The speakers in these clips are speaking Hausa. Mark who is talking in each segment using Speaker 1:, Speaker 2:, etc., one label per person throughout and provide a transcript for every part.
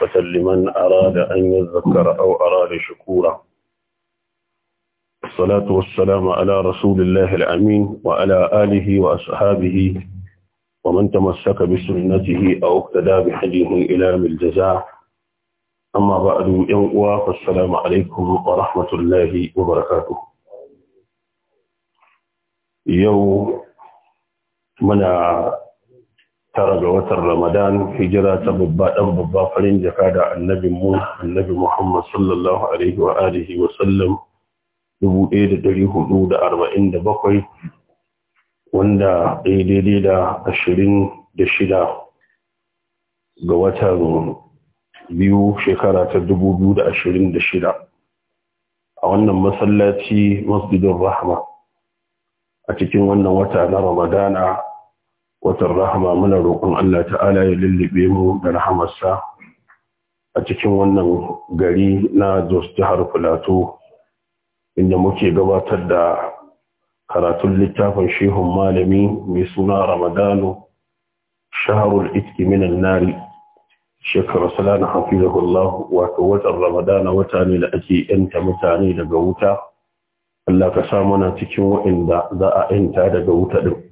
Speaker 1: كافة لمن أراد أن يذكر أو أراد شكورا الصلاة والسلام على رسول الله الأمين وعلى آله وأصحابه ومن تمسك بسنته أو اقتدى بحديه إلى الجزاء أما بعد يوم فالسلام عليكم ورحمة الله وبركاته يوم منع tara ga watan ramadan hijira ta babba dan babba farin jaka da annabin mu annabi muhammad sallallahu alaihi wa alihi wa sallam 1447 wanda daidai da 26 ga watan biyu shekara ta 2026 a wannan masallaci masjidin rahma a cikin wannan wata na ramadana watan rahama muna roƙon Allah ta'ala ya lullube mu da rahamarsa a cikin wannan gari na Jos jihar Filato inda muke gabatar da karatun littafin shehun malami mai suna Ramadanu shaharul itki minan nari shekara salana hafizahullah wato watan Ramadana wata ne da ake yanta mutane daga wuta Allah ka sa mana cikin waɗanda za a yanta daga wuta din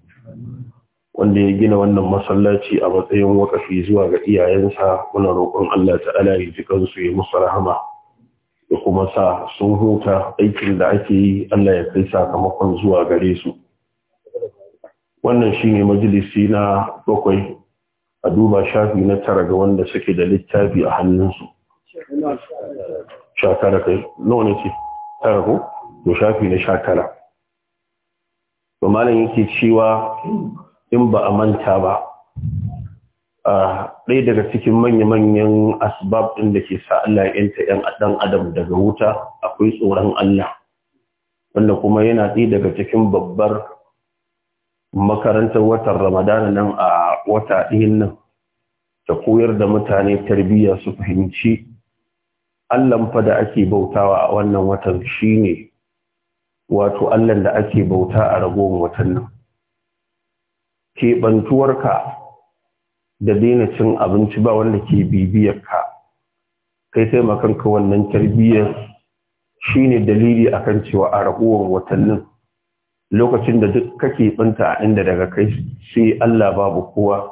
Speaker 1: wanda ya gina wannan masallaci a matsayin wakafi zuwa ga iyayensa muna roƙon Allah ta'ala ya ji kansu ya musu rahama da kuma sa sun huta aikin da ake yi Allah ya kai sakamakon zuwa gare su wannan shine majalisi na bakwai a duba shafi na tara ga wanda suke da littafi a hannunsu sha tara kai nawa ne ce tara ko shafi na sha tara yake cewa in ba a manta ba a ɗaya daga cikin manya-manyan asbab ɗin da ke sa Allah ya yanta ‘yan ɗan adam daga wuta akwai tsoron Allah wanda kuma yana ɗaya daga cikin babbar makarantar watan ramadana nan a wata ɗayan nan ta koyar da mutane tarbiyya su fahimci Allahn fa da ake bautawa a wannan watan shine wato Allahn da ake bauta a ragowar watan nan keɓantuwarka da daina cin abinci ba wanda ke ka, kai sai ka wannan tarbiyyar shine dalili a kan cewa a ragowar watannin lokacin da duk kake tsinta a inda daga kai sai Allah babu kowa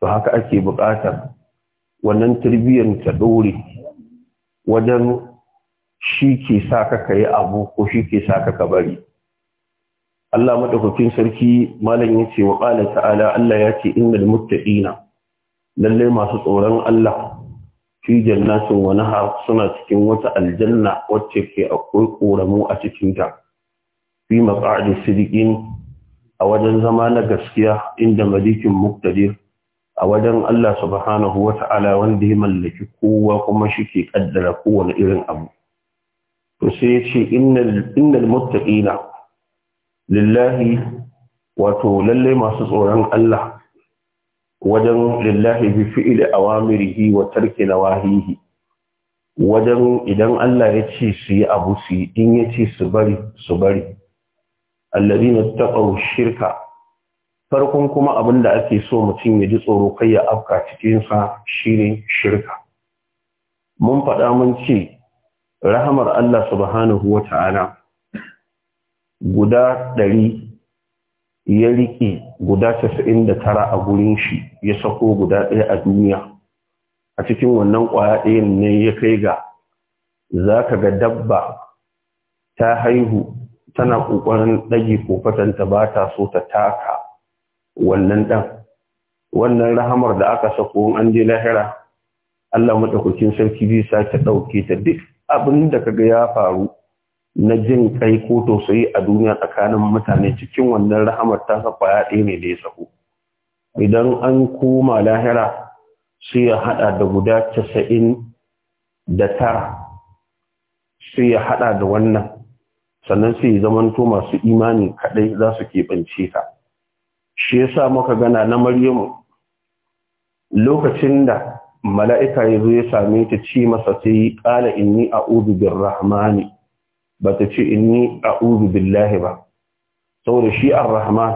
Speaker 1: to haka ake buƙatar wannan tarbiyyar ta dore wajen shi ke sa ka yi abu ko shi ke sa ka bari Allah madaukakin sarki malam yace wa qala ta'ala Allah yace innal muttaqina lalle masu tsoron Allah fi jannatin wa nahar suna cikin wata aljanna wacce ke akwai ƙoramu a cikin ta fi maq'adi sidiqin a wajen zama na gaskiya inda malikin muktadir a wajen Allah subhanahu ta'ala wanda ya mallaki kowa kuma shi ke kaddara kowane irin abu to sai ya ce innal muttaqina lillahi wato masu tsoron Allah wajen lillahi bi fi'il awamirihi wa tarki wahihi. wajen idan Allah ya ce su yi abu su yi in ya ce su bari su bari alladhina taqaw shirka farkon kuma abin da ake so mutum ya ji tsoro kai ya afka cikinsa shine shirka mun faɗa mun ce rahamar Allah subhanahu wa ta'ala guda ɗari ya riƙe guda casa'in da tara a gurin shi ya sako guda ɗaya a duniya a cikin wannan ƙwaya ɗayan ne ya kai ga za ka ga dabba ta haihu tana ƙoƙarin ɗage kofatanta ba ta so ta taka wannan ɗan wannan rahamar da aka sako an je lahira Allah maɗaukakin sarki zai ta ɗauke ta duk abin da ka ga ya faru na jin kai ko tausayi a duniya tsakanin mutane cikin wannan rahamar ta kwaya ɗaya ne da ya sahu idan an koma lahira sai ya hada da guda casa'in da tara sai ya hada da wannan sannan sai ya zamanto masu imani kaɗai za su keɓance ta shi sa muka gana na maryamu lokacin da mala'ika ya zo ya same ta ci masa sai ƙala inni a'udu bin rahmani ba ta ce inni a'udhu billahi ba saboda shi ar-rahman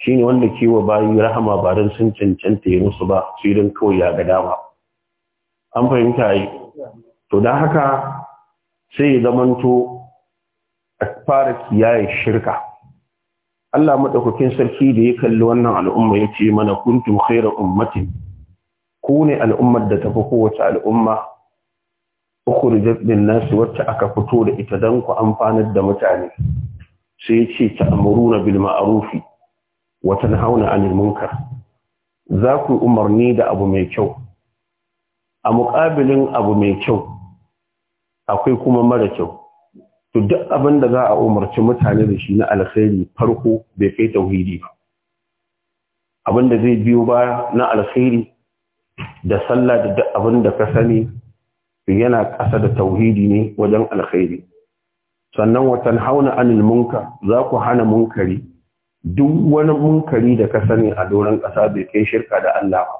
Speaker 1: shine wanda ke wa bayi rahama ba dan sun cancanta ya musu ba sai dan kawai ya ga dama an fahimta yi to dan haka sai ya zamanto a fara kiyaye shirka Allah maɗaukakin sarki da ya kalli wannan al'umma ya ce mana kuntum khayra ummatin ku ne al'ummar da tafi kowace al'umma ukhrijat lin nas wacce aka fito da ita dan ku amfanar da mutane sai yace ta'muruna bil ma'ruf wa tanhauna 'anil munkar za ku umarni da abu mai kyau a muƙabilin abu mai kyau akwai kuma mara kyau to duk abin da za a umarci mutane da shi na alkhairi farko bai kai tauhidi ba abin da zai biyo baya na alkhairi da sallah da duk abin da ka sani yana ƙasa da tauhidi ne wajen alkhairi sannan watan hauna anil munka za ku hana munkari duk wani munkari da ka sani a doron ƙasa bai kai shirka da Allah ba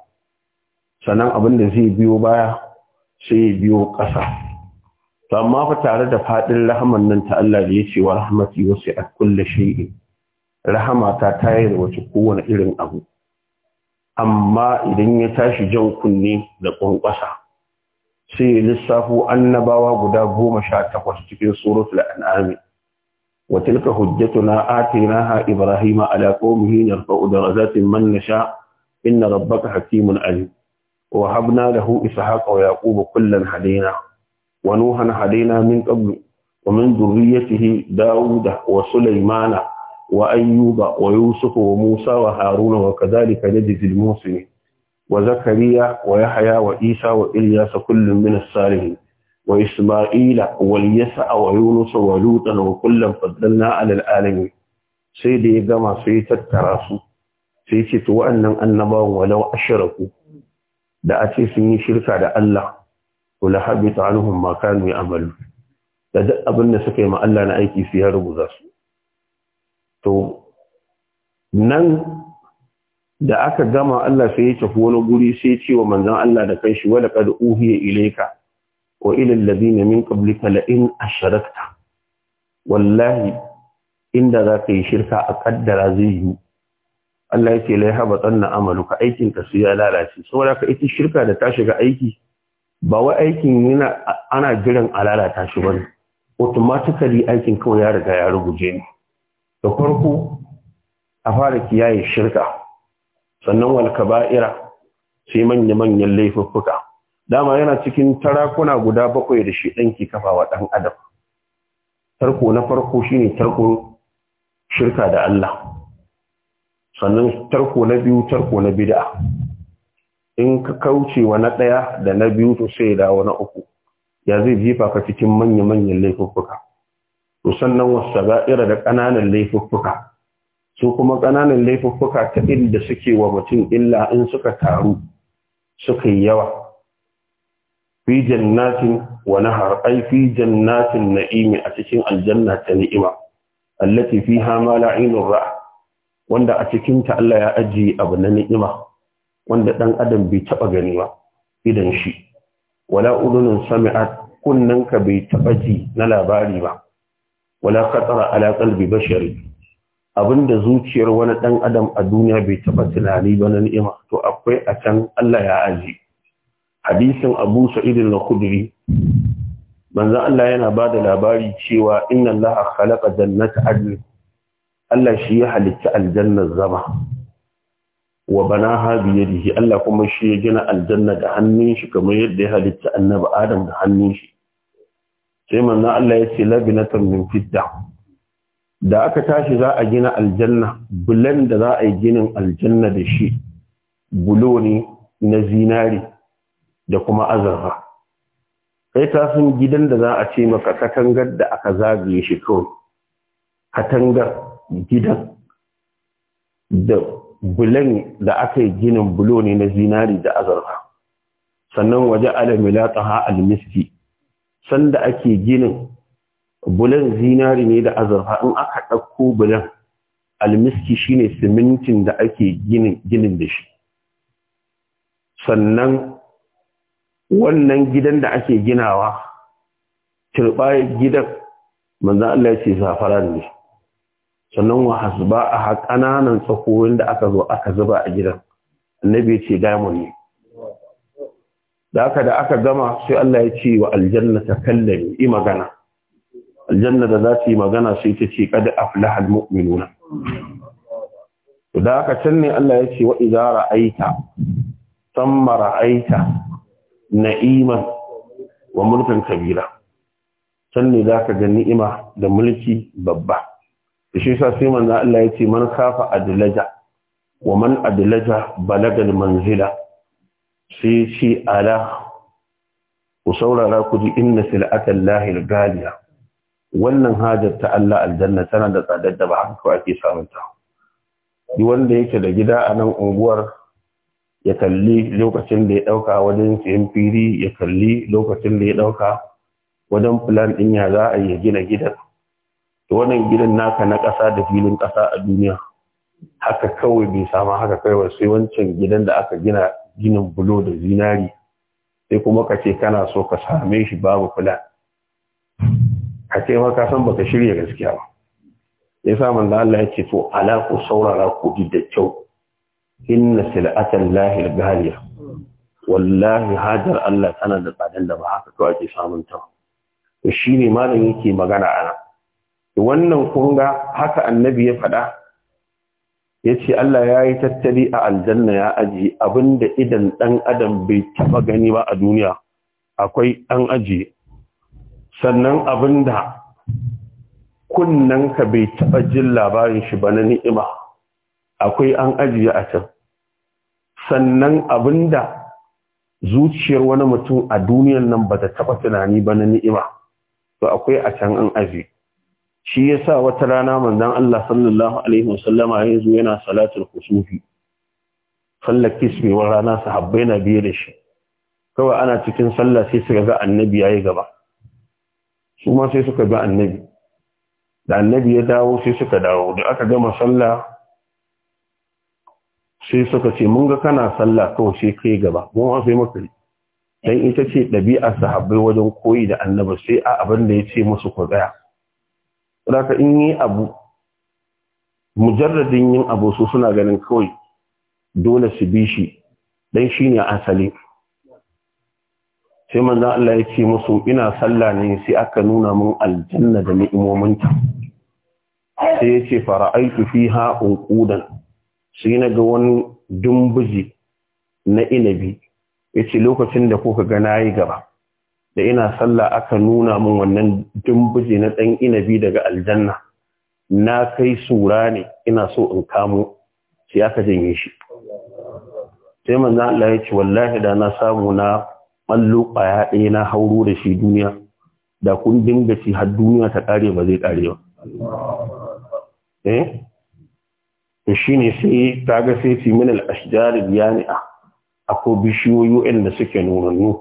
Speaker 1: sannan abin da zai biyo baya sai ya biyo ƙasa to amma fa tare da faɗin rahaman nan ta Allah da cewa wa rahmati wasi'at kulle shi'i rahama ta da wace kowane irin abu amma idan ya tashi jan kunne da ƙwanƙwasa sai lissafo annabawa guda goma sha takwas cikin suratul an'am wa tilka hujjatuna atainaha ibrahima ala qaumihi yarfa'u darajatin man nasha inna rabbaka hakimun alim wa habna lahu ishaqa wa yaquba kullan hadina wa nuhan hadina min qablu wa min dhurriyyatihi dauda wa sulaymana وأيوب ويوسف وموسى وهارون وكذلك نجزي المحسنين وزكريا ويحيى وإيسى وإلياس كل من الصالحين وإسماعيل واليسع ويونس ولوطا وكلا فضلنا على العالمين سيدي جمع سيد التراسو سيدي وأن النبا ولو أشركوا da a ce sun yi shirka da Allah kula habita anhum ma kanu ya'malu da duk abin da suka yi ma Allah na aiki su ya rubuta su to nan da aka gama Allah sai ya tafi wani guri sai ce wa manzon Allah da kanshi wa laqad uhiya ilayka wa ila alladhina min qablika la in asharakta wallahi inda za ka yi shirka a kaddara zai yi Allah ya ce lai haba tsanna amaluka aikin ka su ya lalace saboda ka ita shirka da ta shiga aiki ba wai aikin yana ana jiran a lalata shi bane automatically aikin kawai ya riga ya ruguje ne da farko a fara kiyaye shirka sannan wal kaba'ira sai manya manyan laifuffuka dama yana cikin tarakuna guda bakwai da shi ɗan kafa wa ɗan adam tarko na farko shine tarko shirka da Allah sannan tarko na biyu tarko na bid'a in ka kauce wa na ɗaya da na biyu to sai dawo na uku ya zai jifa ka cikin manya-manyan laifuffuka to sannan wasu da ƙananan laifuffuka su kuma ƙananan laifuffuka ta inda suke wa mutum illa in suka taru suka yi yawa fi jannatin wa nahar ai fi jannatin na'imi a cikin aljanna ta ni'ima allati fiha ma la'inur ra wanda a cikin ta Allah ya ajiye abu na ni'ima wanda dan adam bai taba gani ba idan shi wala udunun sami'at kunnan bai taba ji na labari ba wala qatara ala qalbi bashari abinda zuciyar wani ɗan adam a duniya bai taɓa tunani ba na ni'ima to akwai a can Allah ya aji hadisin Abu Sa'id al-Khudri manzon Allah yana ba da labari cewa inna Allah khalaqa jannata adl Allah shi ya halitta aljannar zama wa banaha bi yadihi Allah kuma shi ya gina aljanna da hannun shi kamar yadda ya halitta annabi Adam da hannun shi sai manzon Allah ya ce labinatan min fidda da aka tashi za a gina aljanna bulan da za a yi ginin aljanna da shi bulo ne na zinari da kuma azurfa kai ta sun gidan da za a ce maka katangar da aka zagaye shi kawai katangar gidan da bulan da aka yi ginin bulo ne na zinari da azurfa sannan waje ha almiski sanda ake ginin bulan zinari ne da azurfa in aka ɗauko bulan almiski shine simintin da ake ginin da shi sannan wannan gidan da ake ginawa turba gidan manzo Allah ya ce zafaran ne sannan wa hasba a ƙananan tsakowin da aka zo aka zuba a gidan annabi ya ce diamond ne da aka da aka gama sai Allah ya ce wa aljanna ta kallami i magana aljanna da za su yi magana sai ta ce kada aflahal mu'minuna to da haka can ne Allah ya ce wa idza ra'aita thumma ra'aita na'iman wa mulkan kabira can ne zaka ga ni'ima da mulki babba da shi yasa sai manzo Allah ya ce man kafa adlaja wa man adlaja balaga manzila sai ce ala ku saurara ku ji inna sil'atallahi al-galiya wannan hajar ta Allah aljanna tana da tsadar da ba haka kawai ake samun ta yi wanda yake da gida a nan unguwar ya kalli lokacin da ya dauka wajen siyan fili ya kalli lokacin da ya dauka wajen filan din ya za a yi gina gidan to wannan gidan naka na kasa da filin kasa a duniya haka kawai bai sama haka kawai sai wancan gidan da aka gina ginin bulo da zinari sai kuma kace kana so ka same shi babu filan. a ce ma ka san baka shirya gaskiya ba yasa manzo Allah ya ce to ala ku saurara ku da kyau inna sil'atan al ghaliya wallahi hajar Allah tana da tsadan da ba haka to ake samun ta to shine malam yake magana ana wannan kunga haka annabi ya faɗa yace Allah ya yi tattali a aljanna ya aji abinda idan dan adam bai taɓa gani ba a duniya akwai dan aji sannan abinda ka bai taɓa jin labarin shi ba na ni'ima akwai an ajiye a can sannan abinda zuciyar wani mutum a duniyan nan ba ta taɓa tunani ba na ni'ima to akwai a can an ajiye shi ya sa wata rana manzan Allah sallallahu Alaihi wasallama ya zo yana salatar kusufi sallar kismi wa rana sahabbai na biye da shi kawai ana cikin sallah sai su ga annabi ya yi gaba su ma sai suka bi annabi da annabi ya dawo sai suka dawo da aka gama sallah sai suka ce mun ga kana sallah kawai sai kai gaba mun ma sai maka dan ita ce ɗabi'ar sahabbai wajen koyi da annabi sai a abin da ya ce musu ku tsaya saboda in yi abu mujarradin yin abu su suna ganin kawai dole su bi shi dan shine asali sai manzan Allah ya ce musu ina sallah ne sai aka nuna mun aljanna da ni'imominta sai ya ce fara'aitu fiha unqudan sai na ga wani dumbuji na inabi yace lokacin da kuka ga nayi gaba da ina sallah aka nuna mun wannan dumbuji na ɗan inabi daga aljanna na kai sura ne ina so in kamo sai aka janye shi sai manzan Allah ya ce wallahi da na samu na ƙwallo ƙwaya ɗaya na hauro da shi duniya da kun dinga shi har duniya ta ƙare ba zai ƙare ba eh to shine sai ta ga sai fi min al-ashjar biyani'a akwai bishiyoyi waɗanda suke nunannu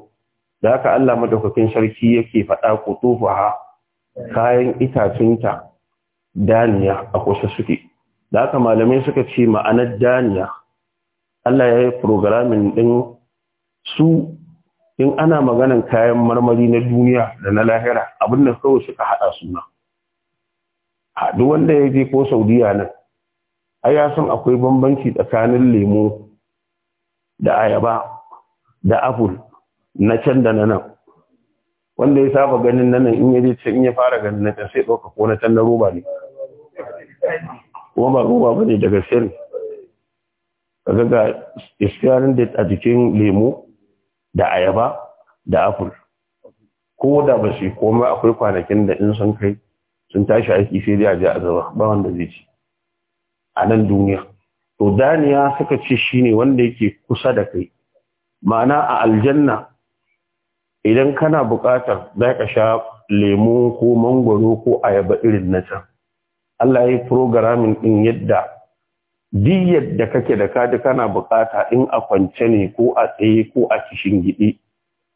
Speaker 1: da haka Allah madaukakin sarki yake faɗa ko kutufuha kayan itacinta daniya a kusa suke da haka malamai suka ce ma'anar daniya Allah ya yi programming ɗin su in ana maganan kayan marmari na duniya da na lahira abinda kawai suka haɗa suna haɗu wanda ya je ko saudiya nan a ya san akwai bambanci tsakanin lemo da ayaba da apple na can da na nan wanda ya saba ganin nan in ya je can in ya fara ganin na can sai ɗauka ko na can na roba ne kuma ba roba ba ne daga sirri ga iskiyarin da a jikin lemo da ayaba da apple ko da ba shi komai akwai kwanakin da in sun kai sun tashi aiki sai dai a je a ba wanda zai ci a nan duniya to daniya suka ce shine wanda yake kusa da kai ma'ana a aljanna idan kana buƙatar za ka sha lemu ko mangwaro ko ayaba irin na can Allah ya yi programming ɗin yadda duk yadda kake da kaji kana bukata in a kwance ne ko a tsaye ko a kishin gidi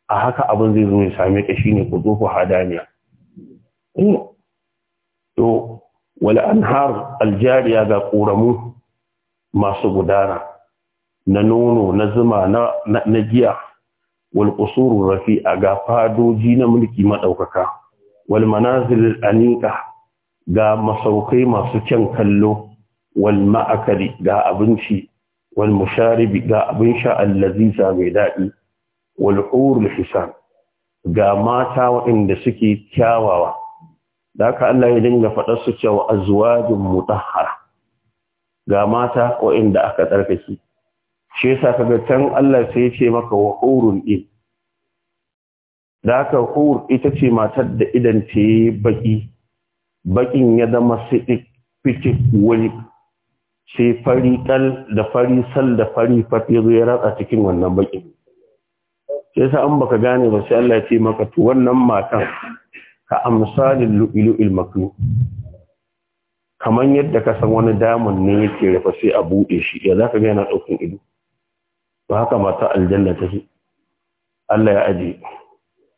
Speaker 1: a haka abin zai zo ya same ka shine ku zo ku hadaniya hmm. to wal anhar aljariya ga koramu masu gudana na nono na zuma na giya wal qusuru rafi'a ga fadoji na mulki madaukaka wal manazil anika ga masaukai masu kyan kallo wal ma'akari ga abinci wal musharibi ga abin sha allaziza mai daɗi wal hurul ga mata waɗanda suke kyawawa da Allah ya dinga faɗa su cewa azwajun mutahhara ga mata waɗanda aka tsarkake shi yasa kaga can Allah sai ya ce maka wa hurun din da haka hur ita ce matar da idan ce baki bakin ya zama sidik fitik wani sai fari ɗal da fari sal da fari fafi ya ratsa cikin wannan bakin sai sa an baka gane ba sai Allah ya ce maka to wannan matan ka amsalil lu'lu'il maknu kaman yadda ka san wani damun ne yake rufe sai a buɗe shi ya zaka ga yana daukin ido Ba haka mata aljanna take Allah ya aje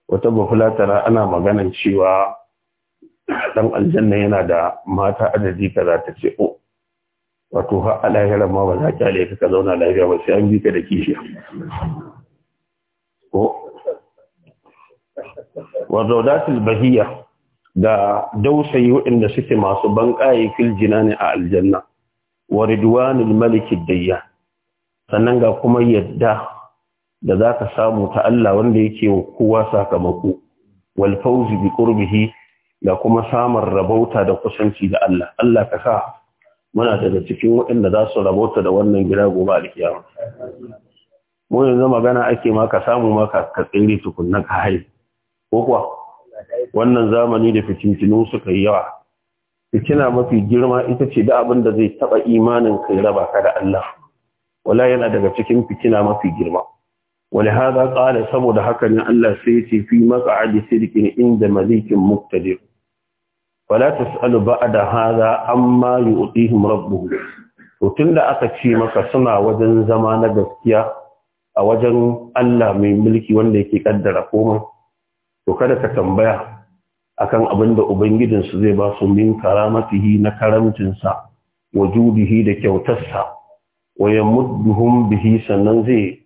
Speaker 1: wata bafulatara ana maganan cewa dan aljanna yana da mata adadi kaza ta ce oh wato har a lahirar ma ba za ki halaye ka zauna lafiya ba sai an bi ka da kishiya ko wa zaudatul bahiyya da dausayi waɗanda suke masu ban fil jinani a aljanna wa ridwanul maliki dayya sannan ga kuma yadda da za ka samu ta Allah wanda yake wa kowa sakamako wal fawzi bi qurbihi da kuma samun rabauta da kusanci da Allah Allah ka sa muna daga cikin waɗanda za su rabota da wannan gida gobe kiyama. mu yanzu magana ake ma ka samu ma ka tsere tukunna ka hai ko kuwa wannan zamani da fitintinu suka yi yawa fitina mafi girma ita ce da abin da zai taɓa imanin kai raba ka da Allah wala yana daga cikin fitina mafi girma ولهذا ƙara saboda haka ne Allah sai ya ce fi maq'adi sirkin inda malikin muktadir wala tasalu ba'da hadha amma yu'tihim rabbuhum to tunda aka ce maka suna wajen zama na gaskiya a wajen Allah mai mulki wanda yake kaddara komai to kada ka tambaya akan abin da su zai ba su min karamatihi na karamcin sa judihi da kyautarsa wa yamudduhum bihi sannan zai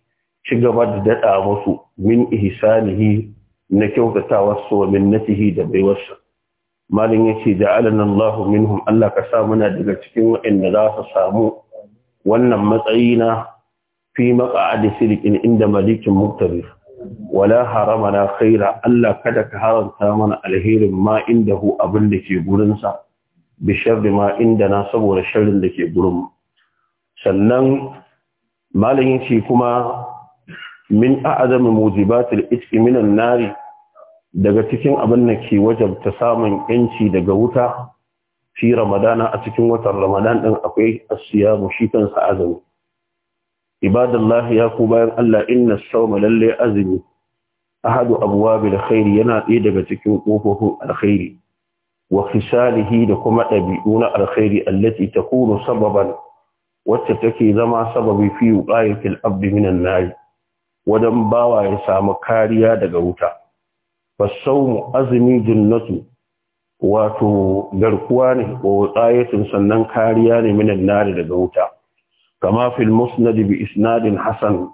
Speaker 1: ci gaba da dada musu min ihsanihi na kyautatawa wa minnatihi da baiwarsa malin yace ja'alana Allahu minhum Allah ka sa muna daga cikin waɗanda za su samu wannan matsayi na fi maq'adi sirqin inda malikin muktabir wala haramana khaira Allah kada ka haramta mana alherin ma indahu abin da ke gurin sa bi sharri ma indana saboda sharrin da ke gurin sannan malin yace kuma min a'azami mujibatil itqi minan nari daga cikin abin da ke wajabta samun yanci daga wuta fi ramadana a cikin watan ramadan din akwai asiyamu shi kansa azumi ibadallahi ya ku bayan Allah inna sawma lalle azumi ahadu abwabil khairi yana ɗaya daga cikin kofofin alkhairi wa khisalihi da kuma ɗabi'u na alkhairi allati takunu sababan wacce take zama sababi fi wuqayatil abdi minan nar wadan bawa ya samu kariya daga wuta fasaumu azumi jinnatu wato garkuwa ne wa tsayatun sannan kariya ne minan nari daga wuta kama fil musnad bi isnadin hasan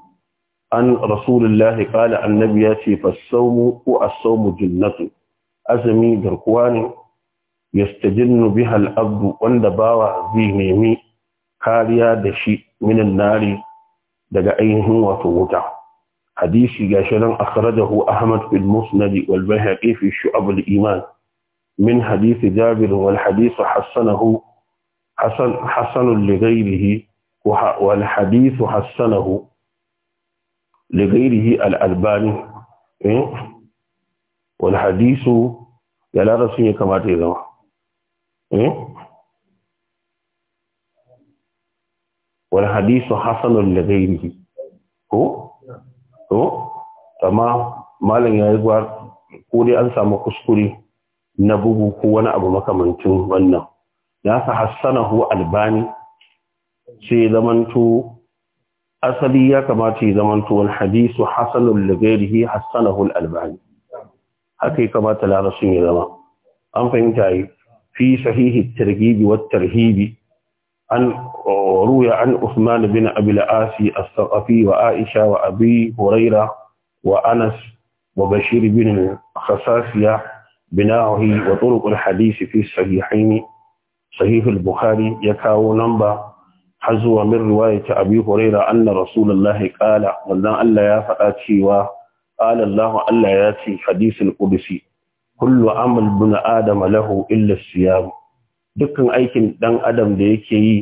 Speaker 1: an rasulullah qala annabi ya ce fasaumu ko asaumu jinnatu azumi garkuwa ne yastajinnu biha al-abdu wanda bawa zai nemi kariya da shi minan nari daga ainihin wato wuta حديث قاشنا أخرجه أحمد في المسند والبيهقي في شعب الإيمان من حديث جابر والحديث حسنه حسن حسن لغيره والحديث حسنه لغيره الألباني والحديث يا لا رسمي كما تيزم والحديث حسن لغيره هو to amma malam ya yi ko dai an samu kuskure na bugu ko wani abu makamancin wannan ya sa hassanahu albani sai zamanto asali ya kamata ya zamanto wani hadisu hasanul lagairihi hassanahu albani haka ya kamata larasun ya zama an fahimta yi fi sahihi targibi wa tarhibi عن روي عن عثمان بن أبي العاص الثقفي وعائشة وأبي هريرة وأنس وبشير بن خصاصية بناؤه وطرق الحديث في الصحيحين صحيح البخاري يكاو نمبر حزو من رواية أبي هريرة أن رسول الله قال والله ألا يفتأتي وقال الله ألا يأتي حديث القدسي كل عمل بن آدم له إلا الصيام dukkan aikin dan adam da yake yi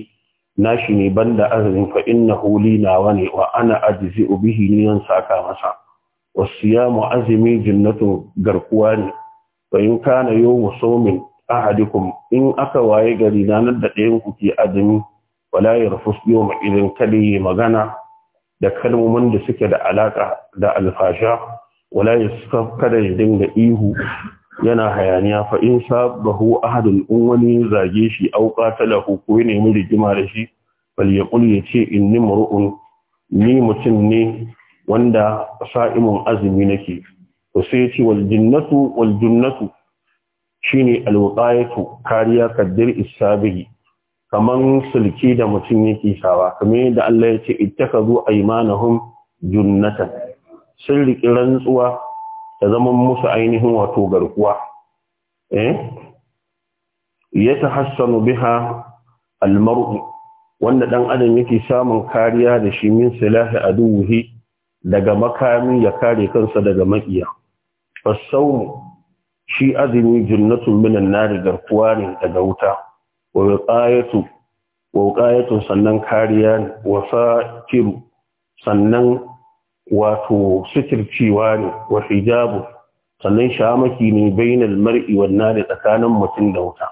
Speaker 1: nashi ne banda azumin fa innahu li nawa ne wa ana ajzi'u bihi ni yan saka masa wasiyamu azmi jannatu garkuwa ne fa in kana yawmu sawmin ahadikum in aka waye gari nan da ɗayan ku ke azumi wala yarfus yawma idan kali magana da kalmomin da suke da alaka da alfasha wala yaskaf kada ya dinga ihu yana hayaniya fa in sabahu ahadun in wani zage shi au hu ko ya nemi rigima da shi bal ya ce inni mar'un ni mutum ne wanda sa'imun azumi nake to sai ce wal jinnatu wal jinnatu shine alwqayatu kariya kaddir isabihi kaman sulki da mutum yake sawa kamar da Allah ya yace ittakhadhu aymanahum junnatan sun riƙi rantsuwa ta zama musu ainihin wato garkuwa eh ya tahassanu biha almar'u wanda dan adam yake samun kariya da shi min silahi aduhi daga makami ya kare kansa daga makiya fasawm shi azumi jinnatun minan da garkuwa ne daga wuta wa qayatu wa sannan kariya wa sakiru sannan wato suturcewa ne wa hijabu sannan shamaki ne bainal mar'i wan nari tsakanin mutum da wuta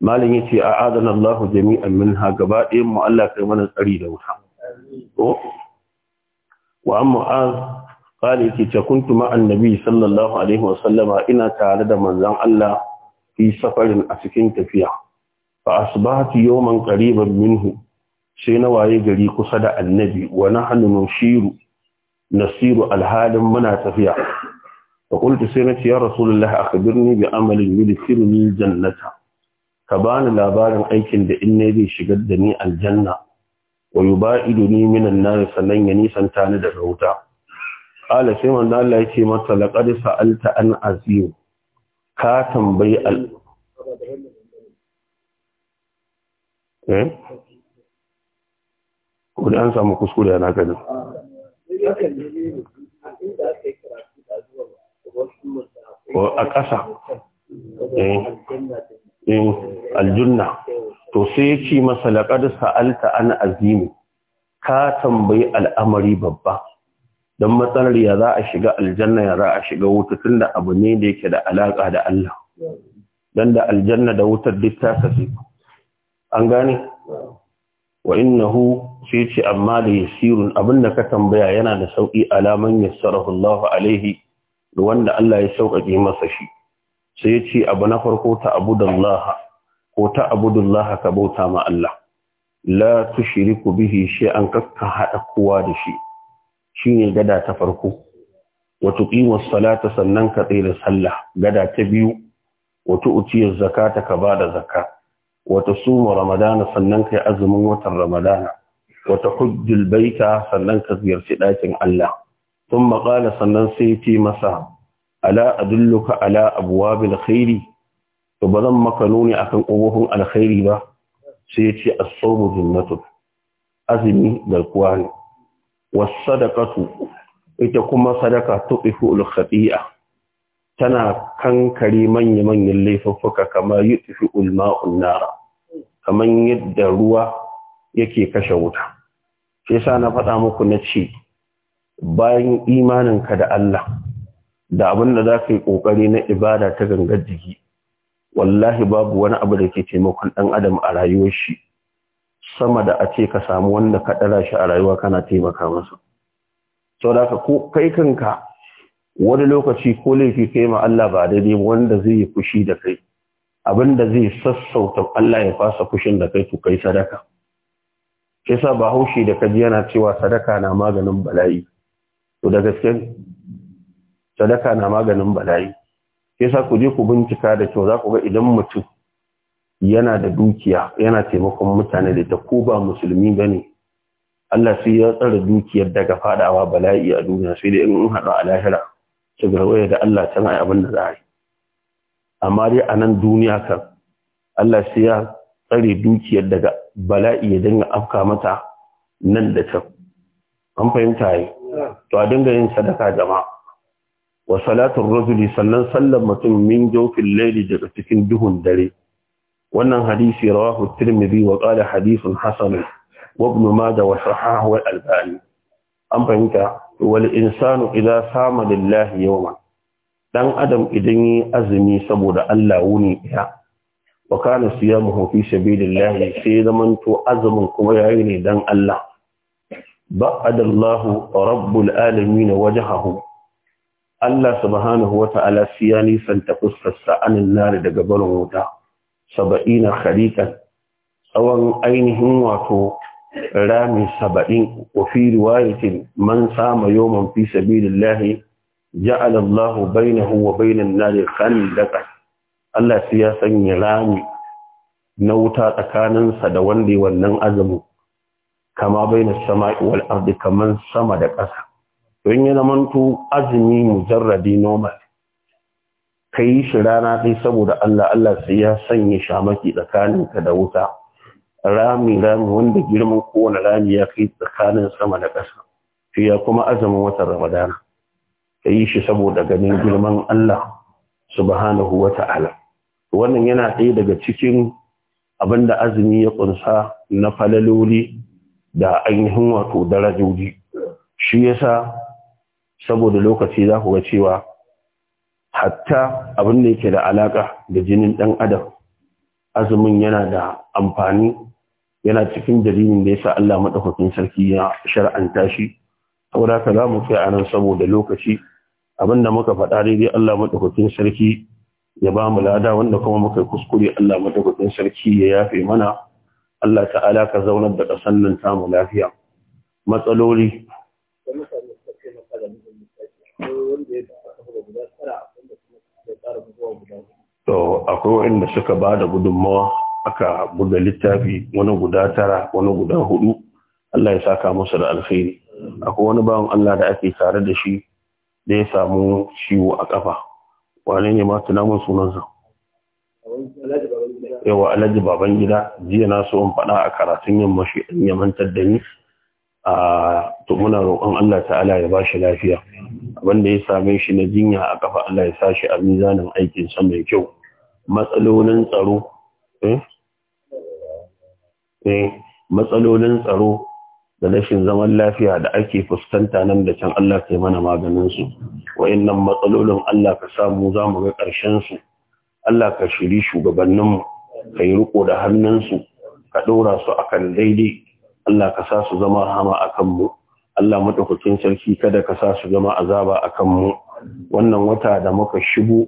Speaker 1: malam yace a adana Allah jami'an minha gaba ɗayan mu Allah kai mana tsari da wuta wa amma az qali ki ta kuntu sallallahu alaihi wa sallama ina tare da manzon Allah fi safarin a cikin tafiya fa asbahatu yawman qariban minhu sai na waye gari kusa da annabi wa nahnu nushiru nasiru alhalin muna tafiya fa qultu sai nace ya rasulullah akhbirni bi amalin yudkhiluni jannata ka bani labarin aikin da in ne zai shigar da ni aljanna wa yubaiduni minan nar sannan ya nisanta ni daga wuta qala sai manzo Allah yace masa laqad sa'alta an azim ka tambayi al eh ko an samu kuskure na kanin a ƙasa eh. eh, aljunna to sai ya ce masa laƙar sa'alta an azimi ka tambayi al'amari babba don matsalar ya za a shiga aljanna ya za a shiga wuta tun da abu ne da yake da alaƙa da Allah don da aljanna da wutar duk ta an gane wa innahu sai ce amma da yasirun abin da ka tambaya yana da sauki alaman yassarahu Allah alaihi da wanda Allah ya sauƙaƙe masa shi sai ya ce abu na farko ta abudallaha ko ta abudallaha ka bauta ma Allah la tushriku bihi shay'an kakka haɗa kowa da shi shine gada ta farko wa tuqimu salata sannan ka tsira sallah gada ta biyu wa uciyar zakata ka bada zakar? wata suma ramadana sannan kai azumin watan ramadana wata hujjul baita sannan ka ziyarci ɗakin Allah sun maƙala sannan sai ce masa ala adulluka ala abuwabil khairi to ba zan maka nuni akan ƙofofin alkhairi ba sai ce as-sawmu jinnatu azumi garkuwa ne was Sadakatu. ita kuma sadaka tuqifu al tana kankare manya-manyan laifuffuka kamar yi tafi ulma'un nara kamar yadda ruwa yake kashe wuta shi sa na faɗa muku na ce bayan imaninka da Allah da abin da za ka yi ƙoƙari na ibada ta gangar jiki wallahi babu wani abu da ke taimakon ɗan adam a rayuwar shi sama da a ce ka samu wanda ka ɗara shi a rayuwa kana taimaka masa sau da ka kai kanka wani lokaci ko laifi kai ma Allah ba daidai wanda zai yi fushi da kai abin zai sassauta Allah ya fasa fushin da kai to kai sadaka sai sa bahaushe da kaji yana cewa sadaka na maganin bala'i to da gaske sadaka na maganin bala'i sai sa ku je ku bincika da kyau za ku ga idan mutum yana da dukiya yana taimakon mutane da ta ko ba musulmi bane Allah sai ya tsare dukiyar daga fadawa bala'i a duniya sai da in haɗu a lahira ki da Allah can ai abin da za a yi amma dai a nan duniya kan Allah sai ya tsare dukiyar daga bala'i ya dinga afka mata nan da can an fahimta yi to a dinga yin sadaka jama'a wa salatul rajuli sannan sallar mutum min jofin layli daga cikin duhun dare wannan hadisi rawahu tirmidhi wa qala hadithun hasan wa ibn majah wa sahahu al albani an fahimta wal insanu idza sama lillahi yawma dan adam idan yi azumi saboda Allah wuni ya wa kana siyamuhu fi sabilillahi sai zaman to azumin kuma yayi ne dan Allah ba'adallahu rabbul alamin hahu. Allah subhanahu wa ta'ala siya nisan ta fuskarsa anin daga barin wuta, saba'ina kharikan, tsawon ainihin wato rami saba'in wa fi riwayatin man sama yawman fi sabilillahi ja'ala Allahu bainahu wa bainan nari khandaqa Allah sai ya sanya rami na wuta tsakaninsa da wanda wannan azumi kama baina sama'i wal ardi kaman sama da ƙasa don ya zamanto azumi mujarradi normal kai shi rana sai saboda Allah Allah sai ya sanya shamaki tsakaninka da wuta rami rami wanda girman kowane rami ya kai tsakanin sama da ƙasa shi ya kuma azumin watan ramadana ya yi shi saboda ganin girman Allah subhanahu wa ta'ala wannan yana ɗaya daga cikin abin da azumi ya ƙunsa na falaloli da ainihin wato darajoji shi yasa saboda lokaci za ku ga cewa hatta abin da yake da alaƙa da jinin ɗan adam azumin yana da amfani yana cikin dalilin da ya sa Allah madaukakin sarki ya shar'anta shi saboda ka zamu kai a nan saboda lokaci abinda muka faɗa daidai Allah madaukakin sarki ya ba mu lada wanda kuma muka kuskure Allah madaukakin sarki ya yafe mana Allah ta'ala ka zaunar da kasan nan samu lafiya matsaloli to akwai wanda suka ba da gudunmawa aka buga littafi wani guda tara wani guda hudu Allah ya saka musu da alkhairi akwai wani bawan Allah da ake tare da shi da ya samu ciwo a kafa wane ne ma tunamin sunansa yawa alhaji baban gida jiya na so in faɗa a karatun yamma shi in yamantar da ni a to muna roƙon Allah ta'ala ya bashi lafiya abinda ya same shi na jinya a kafa Allah ya sa shi a mizanin aikin sa mai kyau matsalolin tsaro eh matsalolin tsaro da rashin zaman lafiya da ake fuskanta nan da can Allah kai mana maganin su innan matsalolin Allah ka samu za mu ga ƙarshen su Allah ka shiri shugabannin mu ka yi riko da hannun su ka ɗora su akan daidai Allah ka sa su zama hama akan mu Allah madaukakin sarki kada ka sa su zama azaba akan mu wannan wata da muka shigo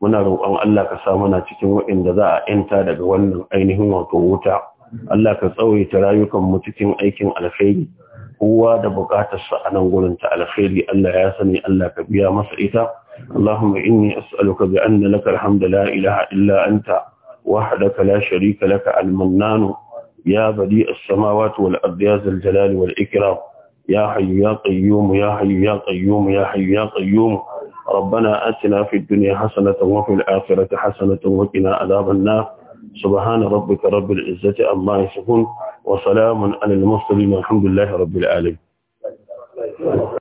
Speaker 1: muna roƙon Allah ka sa muna cikin waɗanda za a yanta daga wannan ainihin wato wuta Allah ka tsawaita rayukan mu cikin aikin alkhairi kowa da bukatarsa a nan gurin ta alkhairi Allah ya sani اللهم إني أسألك بأن لك الحمد لا إله إلا أنت وحدك لا شريك لك المنان يا بديء السماوات والأرض يا الجلال والإكرام يا حي يا قيوم يا حي يا قيوم يا حي يا قيوم ربنا آتنا في الدنيا حسنة وفي الآخرة حسنة وقنا عذاب النار subhana rabbika rabbil izzati amma yasifun wa salamun alal mursalin walhamdulillahi rabbil alamin